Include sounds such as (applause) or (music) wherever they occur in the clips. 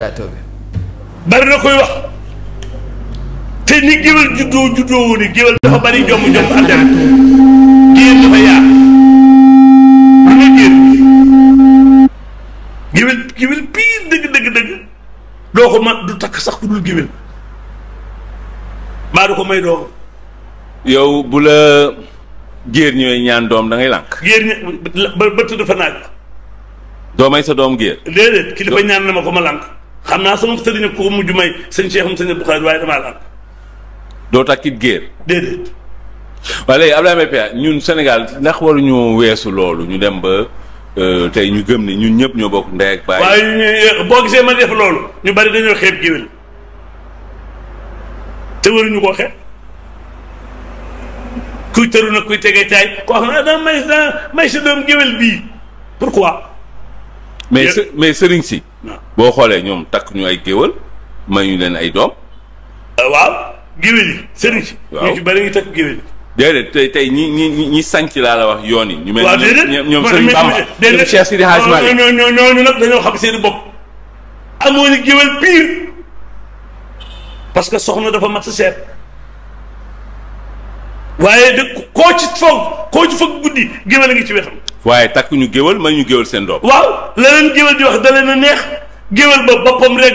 bari na koy wax te ni géwél juddoo juddoo wu ni géwél dafa bari jomm jomm ak deret géwél géwél géwél dëgg dëgg dëgg doo ko man du takk sax ku dul géwél baa du ko may doom yow bu la géer ñooy ñaan doom dangay ngay lànk géer ña ba ba tudd naaj doo may sa doom géer déedéet kilifa ñaan na ma ko ma lànk xam naa sama sëriñ ko mujj may sëñ Cheikh sëñ Abdou Khadre waaye damaa la doo takkit géer. déedéet. waaye léegi Abdoulaye Mbaye Pekh ñun Sénégal ndax waruñu weesu loolu ñu dem ba euh, tey ñu gëm ni ñun ñëpp ñoo bokk ndey ak baay. waaye ñu eh, bari dañoo xeeb géwél te waruñu koo ah, may sa may sa doom géwél bii pourquoi. mais mais sëriñ si. boo xoolee ñoom takk ñu ay géwël ñu leen ay doom. Euh, waaw géwél yi sëriñ si. waaw ñu ci bëri ñu takk géwél yi. déedéet tey tey ñi ñi ñi sànc laa la wax yoon yi. ñu mel ni ñoom sëriñ Bamba ñoom Cheikh Sidi Hadj Malick ñooñu ñooñu nag dañoo xam seeni bopp. amoo ni géwél pire parce que soxna dafa mat sa seet. waaye de koo ci foog koo ci foog guddi géwél a ngi ci wetam. waaye takk ñu may ñu géwal seen doom waaw la leen géwal di wax da leen a neex géwal ba boppam rek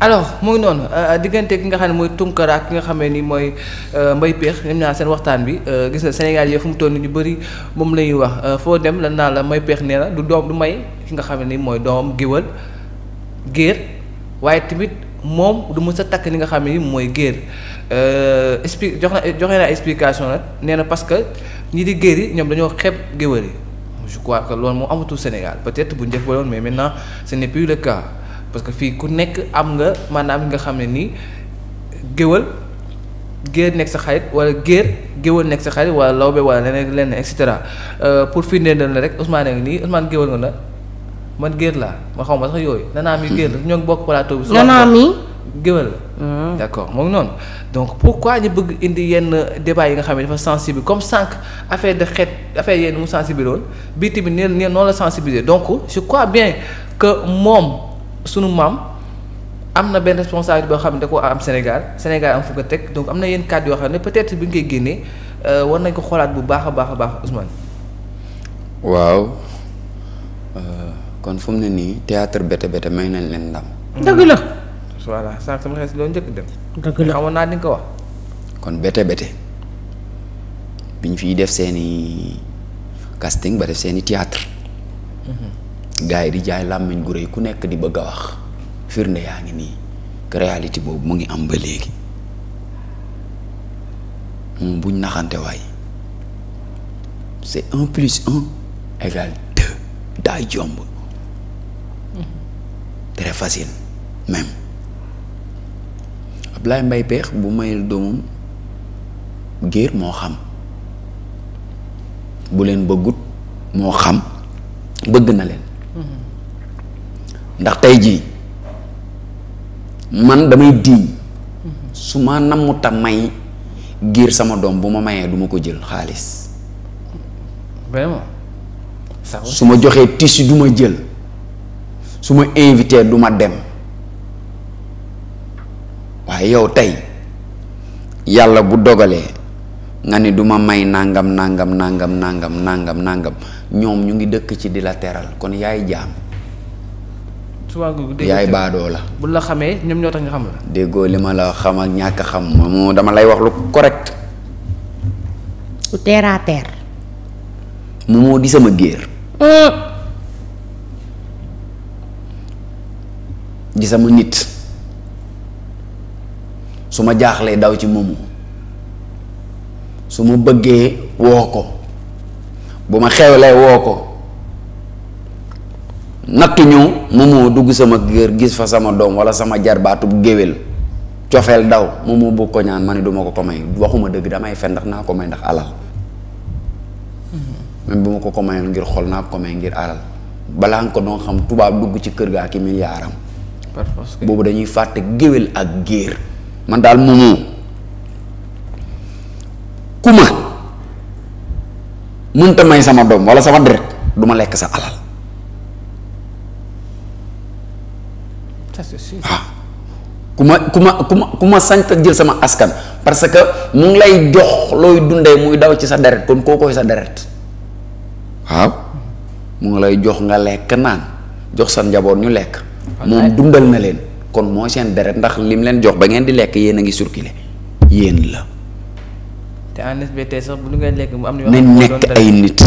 alors mooy noonu euh, euh, diggante ki nga xam ne mooy Tunkara ki nga xam ne ni mooy euh, Mbaye Pékh ñoom ñaar seen waxtaan bi gis na Sénégal yi fu mu toll ni ñu bëri moom la ñuy wax foo dem lan naa la Mbaye Pékh nee na du doom du may ki nga xam ne ni mooy doomam géwal géer waaye tamit moom du mës sa takk li nga xam ne mooy géer euh, expli jox na joxe naa explication nag nee na parce que ñi di géer yi ñoom dañoo xeeb géwél yi je crois que loolu moom amatul Sénégal peut-être bu njëkk ba doon mais maintenant ce n'est plus le parce que fii ku nekk am nga maanaam li nga xam ne nii géwél géer nekk sa xarit wala géer géwél nekk sa xarit wala lawbe wala leneen leneen et cetera euh, pour firndeel na rek Ousmane a ngi nii Ousmane géwél nga la man géer laa ma xaw ma sax yooyu nanaa mi géer la hmm. ñoo ngi bokk plateau bi. nanaa mi géwél la. Hmm. d' accord moom noonu donc pourquoi ñu bëgg indi yenn débat yi nga xam ne dafa sensible comme sànq affaire de xeet affaire yenn mu sensible woon bii tamit nee na noonu la sensibiliser donc je crois bien que moom sunu maam. am na benn responsabilité boo xam ne da ko am Sénégal Sénégal am fu ko teg donc am na yenn kàddu yoo xam ne peut-être bi nga koy génnee euh, war nañ ko xoolaat bu baax a baax a baax Ousmane. waaw. Euh, kon fu mu ne nii théâtre bete bete may nañ leen ndam. dëgg la. voilà sànq sama xees loo njëkk dem. dëgg la kon bete bete biñ fiy def seeni casting ba def seeni théâtre mhm. gars yi di jaay làmmiñ gu rëy ku nekk di bëgg a wax firnde yaa ngi nii réalité boobu mu ngi am ba léegi moom buñ naxante waay c'est un plus un égale deux daay jomb facile même Ablaye Mbaye Peex bu mayul doomam géer moo xam bu leen bëggut moo xam bëgg na leen ndax tey jii man damay diiñ su ma tam may giir sama doom bu ma mayee du ma ko jël xaalis vraiment su ma joxee tissu du ma jël su ma invité du ma dem waaye yow tey yàlla bu dogalee nga ni duma may nangam nangam nangam nangam nangam nangam ñoom ñu ngi dëkk ci di la teral kon yaay jaam. souvent yaay baadoo la. bu la xamee ñoom ñoo xam la. déggoo li ma la xam ak ñàkk xam moom dama lay wax lu correct. lu terre à terre. moo di sama géer. di sama nit su ma jaaxlee daw ci moomu su ma bëggee woo ko bu ma xewlee woo ko nattu ñëw moomu dugg sama kër gis fa sama doom wala sama jarbaatub géwél cofeel daw moomu bu ko ñaan ma ne duma ko ko may waxuma dëgg damay fen ndax naa ko may ndax alal mm-hmm. même bu ma ko ko mayoon ngir xol naa ko may ngir alal balaa nga ko doon xam tubaab dugg ci kër gaa ki miliyaaram boobu dañuy fàtte géwél ak géer man daal moomoo ku ma mënta may sama doom wala sama deret du ma lekk sa alal waaw ah. ku ma ku ma ku ma ku ma sañta jël sama askan parce que mu ngi lay jox looy dundee muy daw ci sa deret kon koo koy sa deret waaw mu ngi lay jox nga lekk naan jox sa njaboot ñu lekk moom dundal na leen kon mooy seen deret ndax lim leen jox ba ngeen di lekk yéen a ngi circulé yéen la. te ANSBT sax bu ngeen lekk mu am na nekk ay nit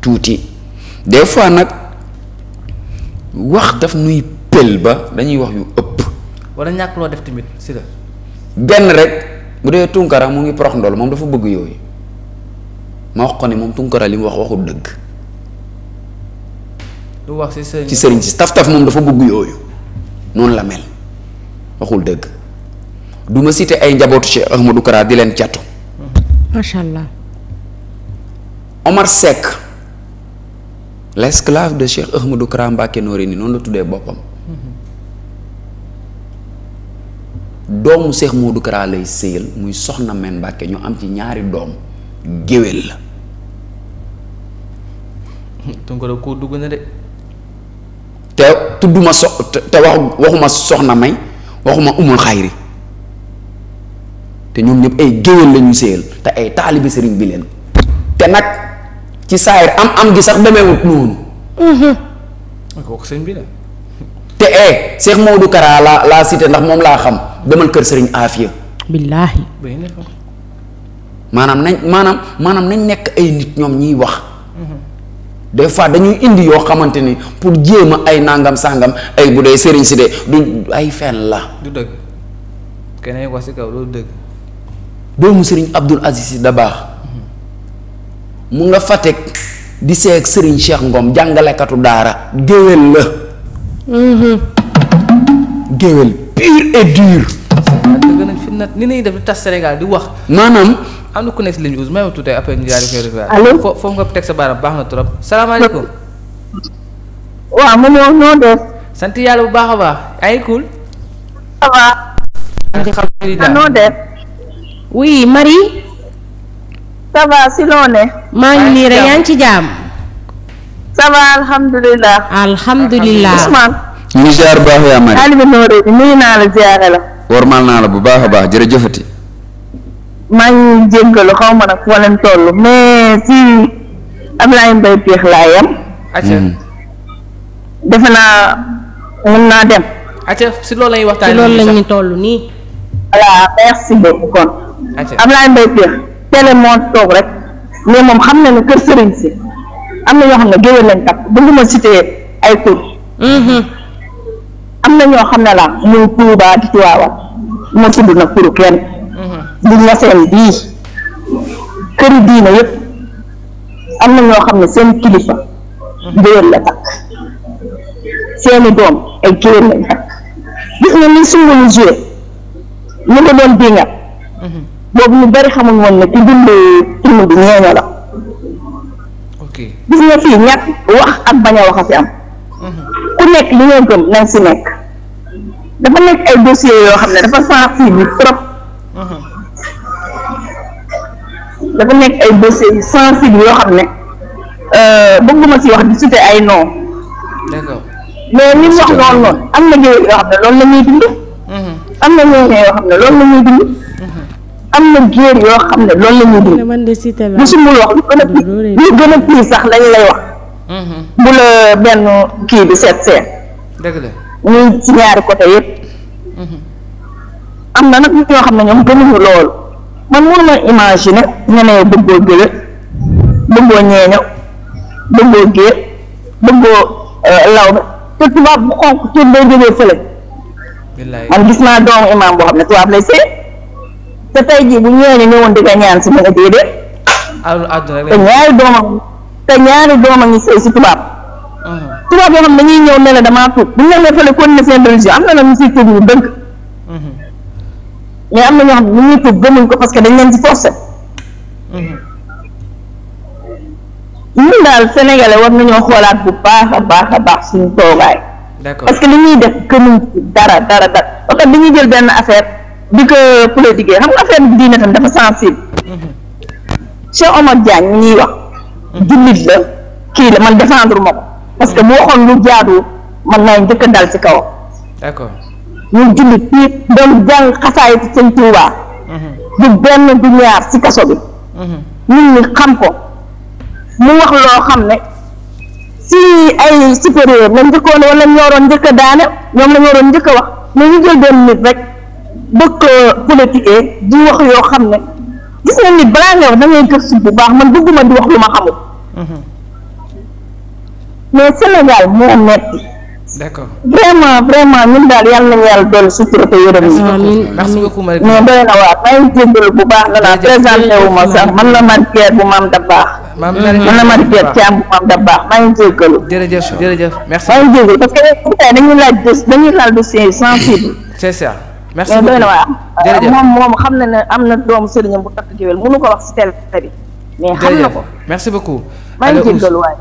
tuuti des fois nag wax daf nuy pël ba dañuy wax yu ëpp. wala ñàkk loo def tamit benn rek bu dee Tunkara mu ngi prox ndol moom dafa bëgg yooyu ma wax ko ne moom Tunkara li mu wax waxul dëgg. du wax ci sëriñ ci sëriñ si taf taf moom dafa bëgg yooyu noonu la mel waxul dëgg du ma cité ay njabootu Cheikh Ahmadou Kara di leen cattu. macha allah. Omar Seck l'esclave de Cheikh Ahmadou Kara Mbacké Noreyni noonu la tuddee boppam. doomu Cheikh Modou Kara lay sëyal muy soxna men Mbacké ñu am ci ñaari doom géwél la. Tunkara ko dugg te tudduma so te wax waxuma soxna may waxuma umul xayri te ñoom ñëpp ay géwél la ñu séyal te ay taalibi sëriñ bi te nag ci saayir am am gi sax demeewut noonu ah, kooku sëriñ bi la du eh Kara laa laa cité ndax moom laa xam demal kër sëriñ Afia billaahi maanaam nañ maanaam maanaam nañ nekk ay nit ñoom ñiy wax des fois dañuy indi yoo xamante ni pour jéem a ay nangam sangam ay bu dee sëriñ si de du ay fen la. du dëgg keneen wax si kaw loolu dëgg. doomu sëriñ Abdul Aziz baax mu nga Fatick di seeg sëriñ Cheikh Ngom jàngalekatu daara géwél la. Mhm. géwél pur et dur. ni ñuy def di tas Sénégal di wax. maanaam. am na ku nekk si ligne bi même tuuti après ñu daal di koy réglé. allo fo foofu nga teg sa baaraam baax na trop. salaamaaleykum. waaw mu ñëw noo def. sant yàlla bu baax a baax yaa ngi cool. ça va. alhamdulilah noo def. oui Marie. ça va si loo ne. maa ngi nii rek yaa ngi ci jaam. ça va alhamdulilah. alhamdulilah Ousmane. ñu ziar baax yaa Marie. Aliou Nooré nuyu naa la ziare la. warmal naa la bu baax a baax jërëjëfati. maa ngi jéggalu xaw ma nag foo leen toll mais si Ablaye Mbaye Péex laa yem. Hmm. defe naa mun naa dem. acca si lool la ñuy waxtaanee. si loolu la ñuy toll nii. voilà merci beaucoup kon. acca Ablaye Mbaye Péex télé moo toog rek mais moom xam na ne kër sëriñ si am na ñoo xam ne géwél lañ takk bëgguma cité ay tur. Hmm. am na ñoo xam ne la muy Touba di Tiwaawan ma tudd nag turu kenn. bu ñaseen bii këri diina yëpp am na ñoo xam ne seen kilifa géwél la takk seeni doom ay géwél lañ takk gis nga ni sungunu joué ñu ko doon diingat boobu ñu bari xamuñ woon ne ci bind bi ñeeño la gis nga fii ñàkk wax ak bañ a wax a fi am mhm. ku nekk li nga nañ si nekk dafa nekk ay dossier yoo xam ne dafa sensible trop mhm. dafa nekk ay dossiers yu sensible yoo xam ne euh, bëgguma ci wax di citer ay noms. d'accord mais li mu wax noonu noonu am na géwél yoo xam ne loolu la ñuy dund. Mm-hmm. am na ñooñu yoo xam ne loolu la ñuy am na géer yoo xam ne loolu la ñuy dund. Mm-hmm. musumul wax lu gën a pii lu gën a pii sax lañ lay wax. Mm-hmm. bu la benn kii bi seet seet. dëgg la ñuy ci ñaari côté yépp am na nag ñoo xam ne ñoom gënuñu loolu. man mënuma imaginer nga ne bëggoo gële bëggoo ñeeño bëggoo géer bëggoo eh, lawbe te tubaab bu xonk tur day jógee fële man gis naa doomu imaam boo xam ne tubaab lay sëy te tey jii bu ñeeño ñëwoon di nga ñaan si mu nga déedéet te ñaari doomam te ñaari doomam ñu sëy si tubaab mhm. tubaab yoo xam ne dañuy ñëw ne la damaa tuub bu ñu la fële kon ne seen religion am na la ñu siy tuub ñu dëgg mais am na ñoo xam ne ñuy tuub gëmuñ ko parce que dañ leen ci forcé mhm. ñun daal sénégalais war nañoo xoolaat bu baax a baax a baax suñu toogaay. d'accord parce que li ñuy def gëmuñ ci dara dara dara parce que dañuy jël benn affaire di ko politiquer xam nga affaire bi diine tam dafa sensible. Mhm. Cheikh Omar Diagne mi ñuy wax. Mhm. jullit la kii la man défendre ma ko. parce que boo xoon lu jaadu man naa jëkk a dal ci kawam. ñun jullit ñi doon jàng xasaay ci sëñ Tuubaa du benn du ñaar ci kaso bi nit ñi xam ko mu wax loo xam ne si ay supérieur lañ njëkkoon wala ñooroon njëkk a daane ñoom la ñooroon njëkk a wax mais ñu jël benn nit rek bëgg ko di wax yoo xam ne gis nga nit balaa nga wax da ngay gëstu bu baax man bëgguma di wax lu ma xamul mm-hmm. mais Sénégal moo metti d'accord vraiment vraiment ñun daal yàlla nañu yàlla dolli sutura ko yërëm yi. amiin merci na waar maa ngi jégalu bu baax na laa présenté wu ma sax man na Marie bu maam da baax. man la Marie Thiam bu maam da baax maa ngi jégalu. jërëjëf jërëjëf merci. maa ngi jégalu parce que dañuy laaj dañuy laal dossier sensible. c'est ça. merci beaucoup mais na waar moom moom xam na ne am na doom sëriñam bu takk jiwel mënu ko wax si télé bi mais xam na ko merci beaucoup. maa ngi jéggalu waay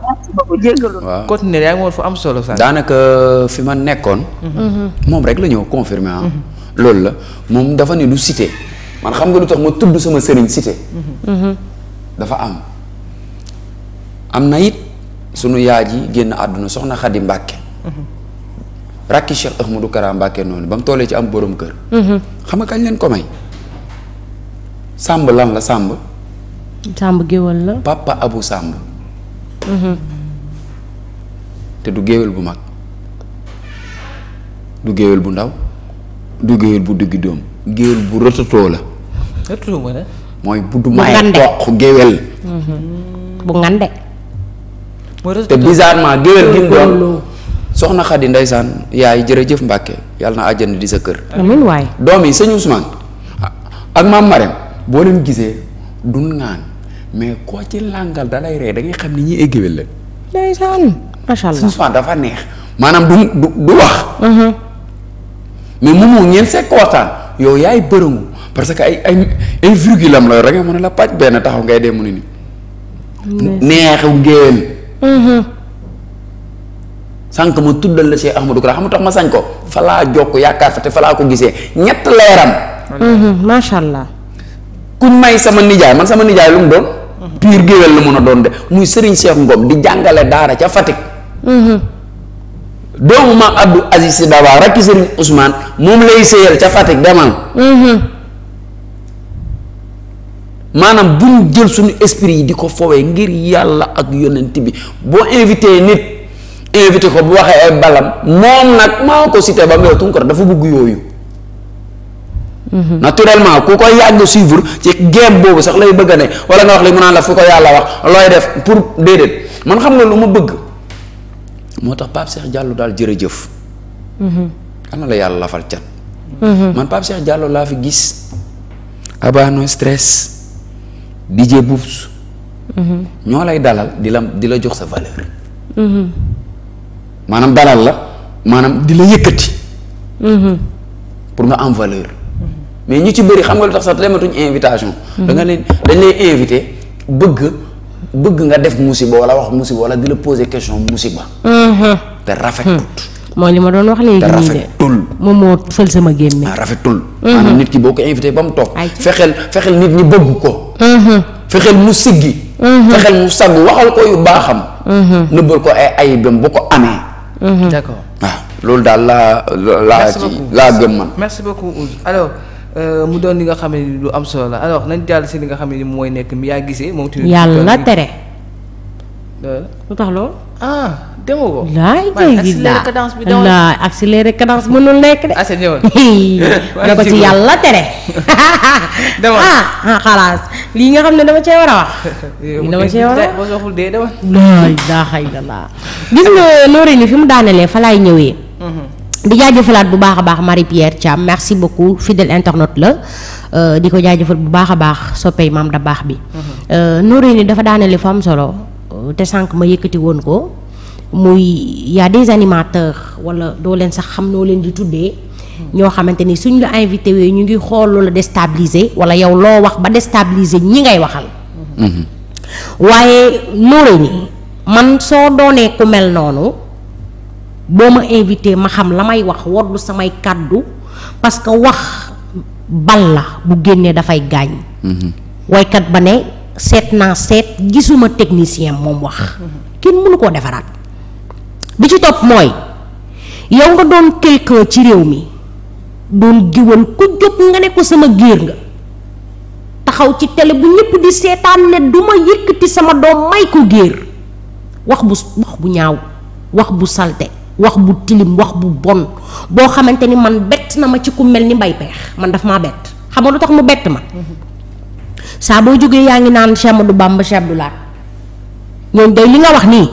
yaa ngi woon fu am solo sax daanaka fi ma nekkoon mhm. moom rek la ñëw confirmer ah la moom dafa ne du cité man xam nga lu tax ma tudd sama sëriñ cité mhm. Mhm. dafa am am na it sunu yaay ji génn àdduna soxna Xadi Mbàkke rakki Cheikh Ahmadou Kara Mbàkke noonu ba mu tollee ci am borom kër xam nga kañ leen ko may sàmb lan la sàmb sàmb géwël la papa Abou Sàmb Mhm. te du géwél bu mag du géwél bu ndaw du géwél bu digg doom géwél bu rëtatoo la mooy bu du may toq géwél mhm. te bizarrement géwél gi mu doon soxna Xadi ndeysaan yaay jërëjëf Mbàkke yàlla na àjjana di sa kër doom yi sëñ Ousmane ak maam Marème boo leen gisee dun ngaan mais koo ci làngal da ree da ngay xam ni ñuy éggéwél la. ndeysaan macha allah suuf dafa neex maanaam du du du wax. Mm-hmm. mais moom moo ngeen sekk waxtaan yow yaay bërëngu parce que ay ay ay virgule am la yor da taxaw ngay dem mu ne nii. neexu ngeen. Mm-hmm. sànq ma tuddal la Cheikh Ahmadou Kara xam tax ma sañ ko fa laa jokk yaakaar fa te fa laa ko gisee ñett leeram. Mm-hmm, macha allah. ku may sama nijaay man sama nijaay lu doon. piir géwél la mën a doon de muy Serigne Cheikh Ngom di jàngale daara ca Fatick. Mhm. doomu ma Abdou Aziz Sy Dabakh rakki Serigne Ousmane moom lay séyal ca Fatick demal. Mhm. maanaam bu jël suñu esprit yi di ko fowee ngir yàlla ak yonent bi boo invité nit invité ko bu waxee ay balam moom nag maa ko cité ba mu yow dafa bugg yooyu. Mhm. naturellement ku koy yàgg suivre ci game boobu sax lay bëgg a ne wala nga wax li mu a la fu ko yàlla wax looy def pour déedéet man xam nga lu ma bëgg moo tax Pape Cheikh Diallo daal jërëjëf. am mhm. na la yàlla lafal cat. Mhm. laa fi gis. Abba No Stress. DJ ñoo lay dalal di la di la jox sa valeur. maanaam dalal la maanaam di la yëkkati. pour nga am valeur. mais ñu ci bëri xam nga lu tax sax lematuñ invitation. Hmm. da nga leen dañ lay invité bëgg bëgg nga def musiba wala wax musiba wala di la poser question musiba. Hmm. te rafetut. Hmm. mooy li ma doon wax léegi nii de rafetul moom moo fël sama génne. Ah, rafetul. maanaam nit ki boo ko invité ba mu toog. fexeel fexeel nit ñi bëgg ko. fexeel mu siggi. fexeel mu sagg waxal ko yu baaxam. nëbbal ko ay ayibam bu ko amee. waaw ah, loolu daal laa laa ci laa gëm man. merci beaucoup Ouz Euh, mu doon li nga xam ne lu am solo la alors nañ jàll si li nga xam ne mooy nekk mi yaa gisee. moom tamit yàlla tere. lu tax loolu. ah demoo ko. laay dégg accéléré cadence bi dawal laay accéléré cadence mënul nekk de. as ñëwal da ko ci yàlla (laughs) ah, ah, nga xam ne dama cee war a wax. (laughs) dama cee war a wax waxul dee la laa. gis nga Noreyni fi mu daanelee fa ñëwee. Mm-hmm. di jaajëfalaat bu baax a baax Marie Pierre Thiam merci beaucoup fidèle internaute la euh, di ko jaajëfal bu baax a baax soppey maam da baax bi. Mhm. Euh, Nouré ni dafa daanale fa am solo euh, te sànq ma yëkkati woon ko muy y animateur des wala doo leen sax xam noo leen di tuddee. Mhm. ñoo xamante ni suñ la invité yooyu ñu ngi xool loola déstabiliser wala yow loo wax ba déstabiliser ñi ngay waxal. Mhm. waaye Nouré ni man soo doonee ku mel noonu. boo ma invité ma xam la may wax woddu samay kàddu parce que wax bal la bu génnee dafay gaañ mm-hmm. woykat ba ne seet naa seet gisuma technicien moom wax mm-hmm. kenn mënu koo defaraat bi ci topp mooy yow nga doon quelqu'un ci réew mi doon giwal ku jóg nga ne ko sama géer nga taxaw ci télé bu ñëpp di seetaan ne du ma yëkkati sama doom may ko géer wax bu wax bu ñaaw wax bu salte wax bu tilim wax bu bon boo xamante ni man bett na ma ci ku mel ni mbay peex man daf maa bett xam nga lu tax mu bett ma saa boo jógee yaa ngi naan Cheikh Amadou Bamba Cheikh Abdou Lahad ñoom day li nga wax nii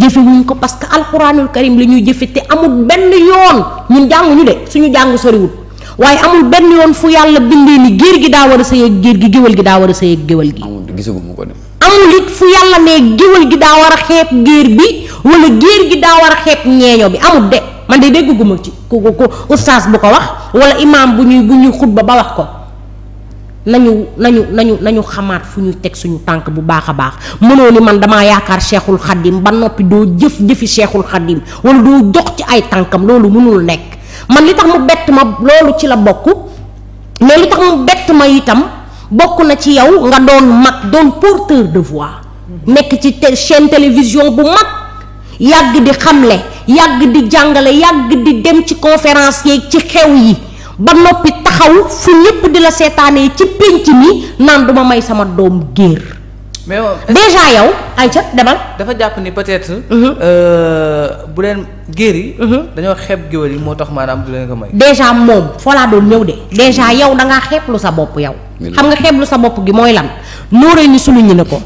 jëfe wuñ ko parce que alxuraanul karim la ñuy jëfe te amul benn yoon ñun jànguñu de suñu jàngu soriwul waaye amul benn yoon fu yàlla bindee ni géer gi daa war a sëy ak géer gi géwél gi daa war a sëy ak géwél gi amul it fu yàlla ne géwél gi daa war a xeeb wala géer gi daa war a xeeb ñeeño bi amul de man de dégguma ci ku ku ustaas bu ko wax wala imaam bu ñuy bu ñuy xutba ba wax ko nañu nañu nañu nañu xamaat fu ñuy teg suñu tànk bu baax a baax mënoo ni man damaa yaakaar cheikhul xaddim ba noppi doo jëf jëfi seexul xaddim wala doo jox ci ay tànkam loolu mënul nekk man li tax mu bett ma loolu ci la bokk mais li tax mu bett ma itam bokk na ci yow nga doon mag doon porteur de voix mm-hmm. nekk ci chaîne télévision bu mag yàgg di xamle yàgg di jàngale yàgg di dem ci conférence yeeg ci xew yi ba noppi taxaw fu ñëpp di la seetaanee ci pénc mi naan duma may sama doom géer mais oh, déjà yow Aïcha demal dafa jàpp ni peut-être mhm. euh, bu leen géer yi mhm. dañoo xeeb géwél yi moo tax maanaam du leen ko may déjà moom foo laa doon ñëw de déjà yow dangaa lu sa bopp yow xam nga xeeblu sa bopp gi mooy lan nóoree ni sunu ñu ne ko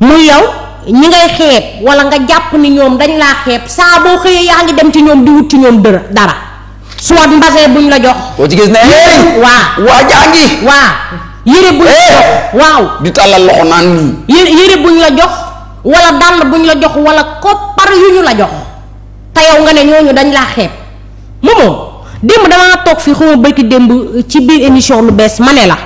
muy yow ñi ngay xeeb wala nga jàpp ni ñoom dañ laa xeeb saa boo xëyee yaa ngi dem ci ñoom di wut ci ñoom dara dara soit mbase buñ la jox. boo ci gis ne waa waa jàngi. waa yére buñ la jox waaw. di tàllal loxo naan buñ la jox wala dàll buñ la jox wala koppar yu ñu la jox te yow nga ne ñooñu dañ laa xeeb moomoo démb damaa toog fii xuma bëgg démb euh, ci biir énision lu bees ma ne la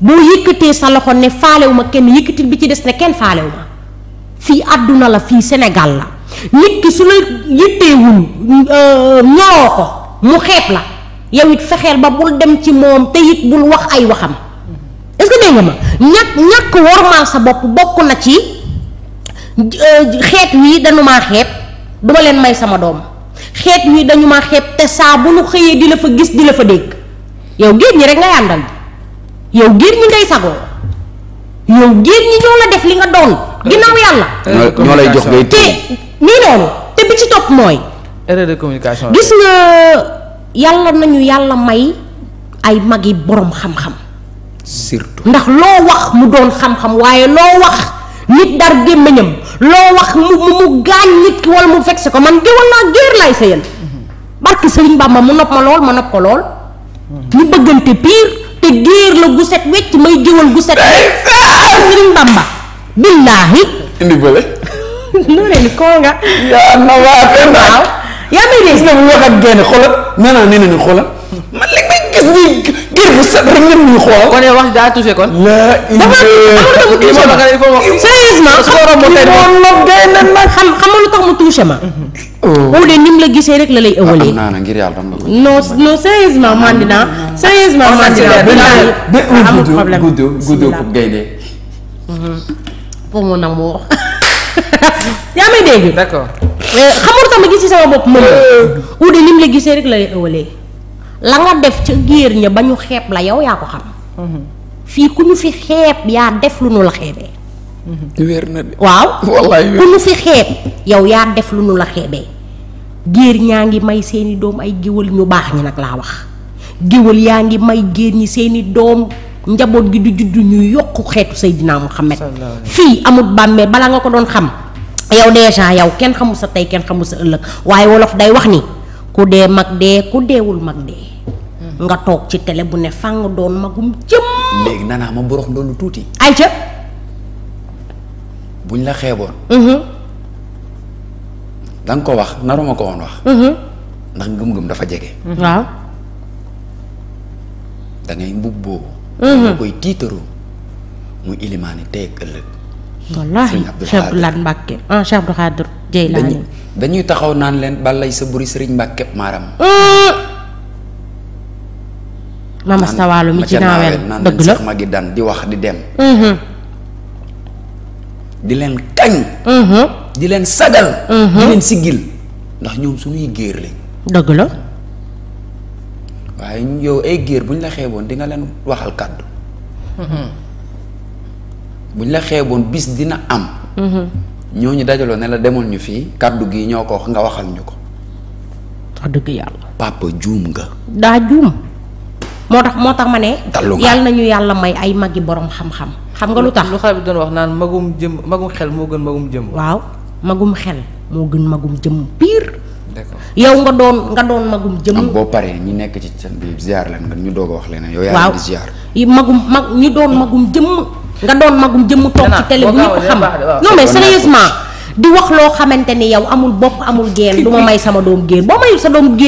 boo yëkkatee sa loxo ne faalewu ma kenn yëkkatil bi ci des ne kenn faalewu ma. fii àdduna la fii Sénégal la nit ki su la yitteewul euh, ñoroo ko mu xeeb la yow it fexeel ba bul dem ci moom te it bul wax ay waxam est-ce que dégg nga ma ñàkk ñàkk wormaal sa bopp bokk na ci euh, xeet wii dañu maa xeeb duma leen may sama doom xeet wi dañu ma xeeb te saa bu nu xëyee di la fa gis di la fa dégg yow géer ñi rek ngay àndal yow géer ngay sagoo yow géer ñi ñoo la def li nga doon ginnaaw yàlla. ñoo lay jox ngay te nii noonu te bi ci topp mooy. erreur de gis nga yàlla nañu yàlla may ay mag yi boroom xam-xam. ndax loo wax mu doon xam-xam waaye loo wax nit dar gémmiñam loo wax mu mu gaañ nit ki wala mu vexé ko man géwal naa géer laay sëyal mm-hmm. barke Sëriñ Bamba mu nopp ma lool ma nopp ko lool. Mm-hmm. ñu bëggante pire te géer la gu set wecc may géwal gu set wecc Sëriñ Bamba. billaahi. indi bële. (laughs) noo leen na waa fenn. waaw yaa may dee. man li may gis nii génn bu set rek ñëpp ñu kon yow wax daa touché laa indi dafa ma. xam xam lu tax mu touché ma. ou oh. de ni mu la gisee rek la lay ëwalee. ngir yàlla non non sérieusement man dinaa. sérieusement man dinaa amul problème gudd gudd gudd gaynde mhm. pour mu nangu wax yaa may dégg. d'accord xamul tamit gis ci sama bopp mën na. uude euh. lim la gisee rek la ëwalee. la nga def ci géer ña ba ñu xeeb la yow yaa ko xam. Mhm. fii ku ñu fi xeeb yaa def lu nu la xeebee. Mhm. ñu fi xeeb yow yaa def lu nu la xeebee. géer ñaa ngi may seeni doom ay géwël ñu baax ñi nag laa wax géwël yaa ngi may géer ñi seeni doom njaboot gi du juddu ñu yokk xeetu Seydina Muhammad fii amul bàmmee balaa nga ko doon xam yow déjà yow kenn xamul sa tey kenn xamul sa ëllëg waaye wolof day wax ni ku dee mag dee ku deewul mag dee hmm. nga toog ci télé bu ne fàng doon magum jëm léegi nanaa ma borox ndoon tuuti ay ca buñ la xeeboon mm-hmm. danga ko wax naruma ko woon wax mm-hmm. ndax ngëm-ngëm dafa jege waaw dangay mbubboo nga mhm. koy tiitaroo muy ilimaane tey ak ëllëg. wallaahi Cheikh Abdoulaye Mbacke ah Cheikh dañuy taxaw naan leen balay sa buri sëriñ Mbacke maaram. mamastawaalu mm. mi ci naaweel dëgg la ma gi di wax di dem. Mm-hmm. di leen kañ. Mm-hmm. di leen sagal. Mm-hmm. di leen siggil ndax ñoom suñuy géer lañ. dëgg la. waaye yow ay géer bu ñu la xeeboon di nga leen waxal kàddu mm-hmm. bu ñu la xeeboon bis dina am mm-hmm. ñooñu dajaloo ne la demoon ñu fii kàddu gi ñoo ko wax nga waxal ñu ko wax dëgg yàlla papa juum nga daa juum moo tax moo tax ma ne yàlla nañu yàlla may ay magi boroom xam-xam xam nga lu tax lu xale bi doon wax naan magum jëm magum xel moo gën magum jëm waaw magum xel moo gën magum jëm pire yow nga doon nga doon magum jëm. am boo paree ñi nekk ci seen bi ziar lan nga ñu doog a wax leneen. yow yaa ngi ziar waaw magum mag ñu doon hmm. magum jëm. nga doon magum jëm toog ci télé bu ñëpp xam non mais sérieusement di wax loo xamante ni yow amul bopp amul génn du ma may sama doom génn ba mayul sa doom génn